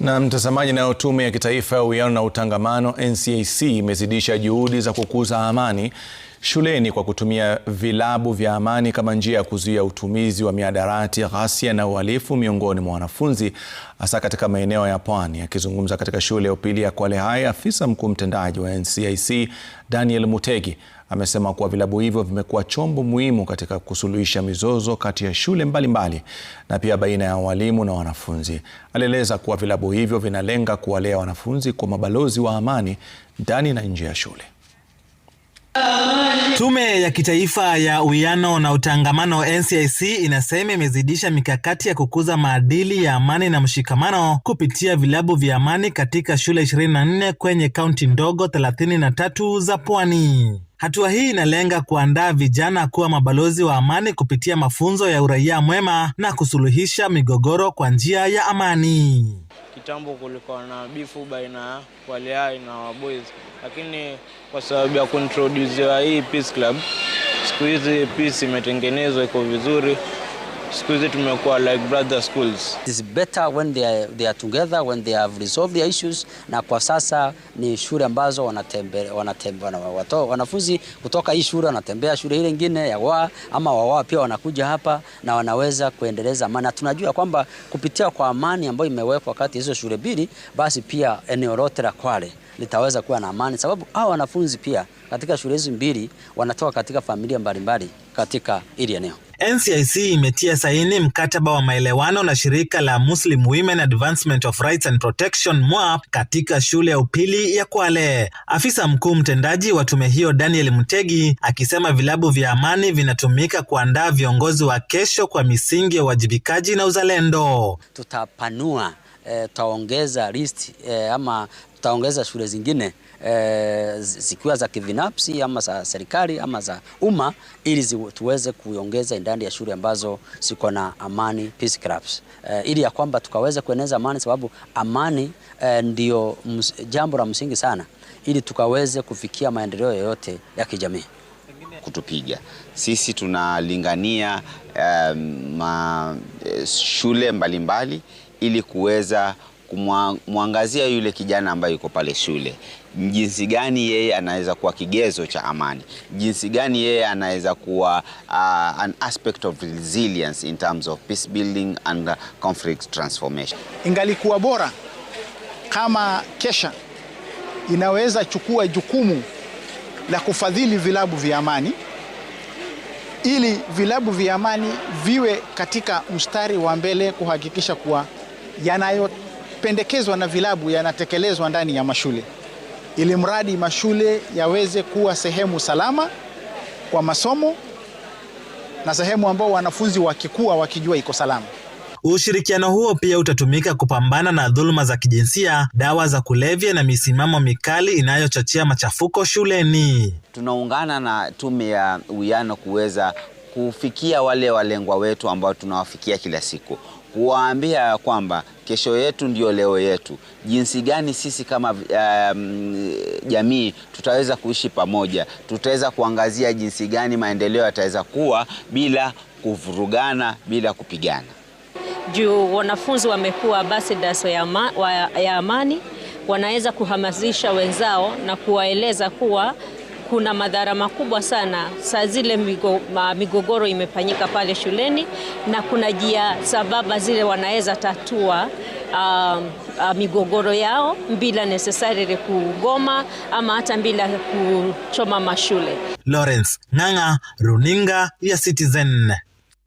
Na mtazamaji, nayo Tume ya Kitaifa ya Uwiano na Utangamano NCIC imezidisha juhudi za kukuza amani shuleni kwa kutumia vilabu vya amani kama njia ya kuzuia utumizi wa mihadarati, ghasia na uhalifu miongoni mwa wanafunzi hasa katika maeneo ya pwani. Akizungumza katika shule ya upili ya Kwale High, afisa mkuu mtendaji wa NCIC Daniel Mutegi amesema kuwa vilabu hivyo vimekuwa chombo muhimu katika kusuluhisha mizozo kati ya shule mbalimbali mbali, na pia baina ya walimu na wanafunzi. Alieleza kuwa vilabu hivyo vinalenga kuwalea wanafunzi kwa mabalozi wa amani ndani na nje ya shule. Tume ya Kitaifa ya Uwiano na Utangamano NCIC inasema imezidisha mikakati ya kukuza maadili ya amani na mshikamano kupitia vilabu vya amani katika shule 24 kwenye kaunti ndogo 33 za Pwani. Hatua hii inalenga kuandaa vijana kuwa mabalozi wa amani kupitia mafunzo ya uraia mwema na kusuluhisha migogoro kwa njia ya amani. Kitambo kulikuwa na bifu baina ya waliai na Waboys, lakini kwa sababu ya kuintrodusiwa hii peace club, siku hizi peace imetengenezwa, iko vizuri siku hizi tumekuwa like brother schools. It is better when they are, they are together when they have resolved their issues, na kwa sasa ni shule ambazo wanatembea wanatembe, wanatembe, wanato, wanafunzi kutoka hii shule wanatembea shule ile nyingine ya wa ama wawa pia wanakuja hapa na wanaweza kuendeleza amani, tunajua kwamba kupitia kwa amani ambayo imewekwa kati hizo shule mbili, basi pia eneo lote la Kwale litaweza kuwa na amani, sababu hao wanafunzi pia katika shule hizi mbili wanatoka katika familia mbalimbali katika ili eneo. NCIC imetia saini mkataba wa maelewano na shirika la Muslim Women Advancement of Rights and Protection MWAP katika shule ya upili ya Kwale. Afisa mkuu mtendaji wa tume hiyo Daniel Mtegi akisema vilabu vya amani vinatumika kuandaa viongozi wa kesho kwa misingi ya uwajibikaji na uzalendo. Tutapanua e, taongeza list e, ama taongeza shule zingine e, zikiwa za kibinafsi ama za serikali ama za umma ili zi, tuweze kuongeza idadi ya shule ambazo ziko na amani peace clubs e, ili ya kwamba tukaweze kueneza amani, sababu amani e, ndio ms, jambo la msingi sana ili tukaweze kufikia maendeleo yoyote ya kijamii kutupiga sisi tunalingania um, ma, shule mbalimbali mbali ili kuweza kumwangazia yule kijana ambaye yuko pale shule, jinsi gani yeye anaweza kuwa kigezo cha amani, jinsi gani yeye anaweza kuwa uh, an aspect of resilience in terms of peace building and conflict transformation. Ingalikuwa bora kama Kesha inaweza chukua jukumu la kufadhili vilabu vya amani ili vilabu vya amani viwe katika mstari wa mbele kuhakikisha kuwa yanayopendekezwa na vilabu yanatekelezwa ndani ya mashule, ili mradi mashule yaweze kuwa sehemu salama kwa masomo na sehemu ambao wanafunzi wakikua wakijua iko salama. Ushirikiano huo pia utatumika kupambana na dhuluma za kijinsia, dawa za kulevya na misimamo mikali inayochochea machafuko shuleni. Tunaungana na tume ya uwiano kuweza kufikia wale walengwa wetu ambao tunawafikia kila siku kuwaambia ya kwamba kesho yetu ndio leo yetu, jinsi gani sisi kama um, jamii tutaweza kuishi pamoja, tutaweza kuangazia jinsi gani maendeleo yataweza kuwa bila kuvurugana, bila kupigana. Juu wanafunzi wamekuwa ambassadors ya amani, wanaweza kuhamasisha wenzao na kuwaeleza kuwa kuna madhara makubwa sana saa zile migo, migogoro imefanyika pale shuleni, na kuna jia sababa zile wanaweza tatua uh, uh, migogoro yao bila necessarily kugoma ama hata bila kuchoma mashule. Lawrence Ng'ang'a, Runinga ya Citizen.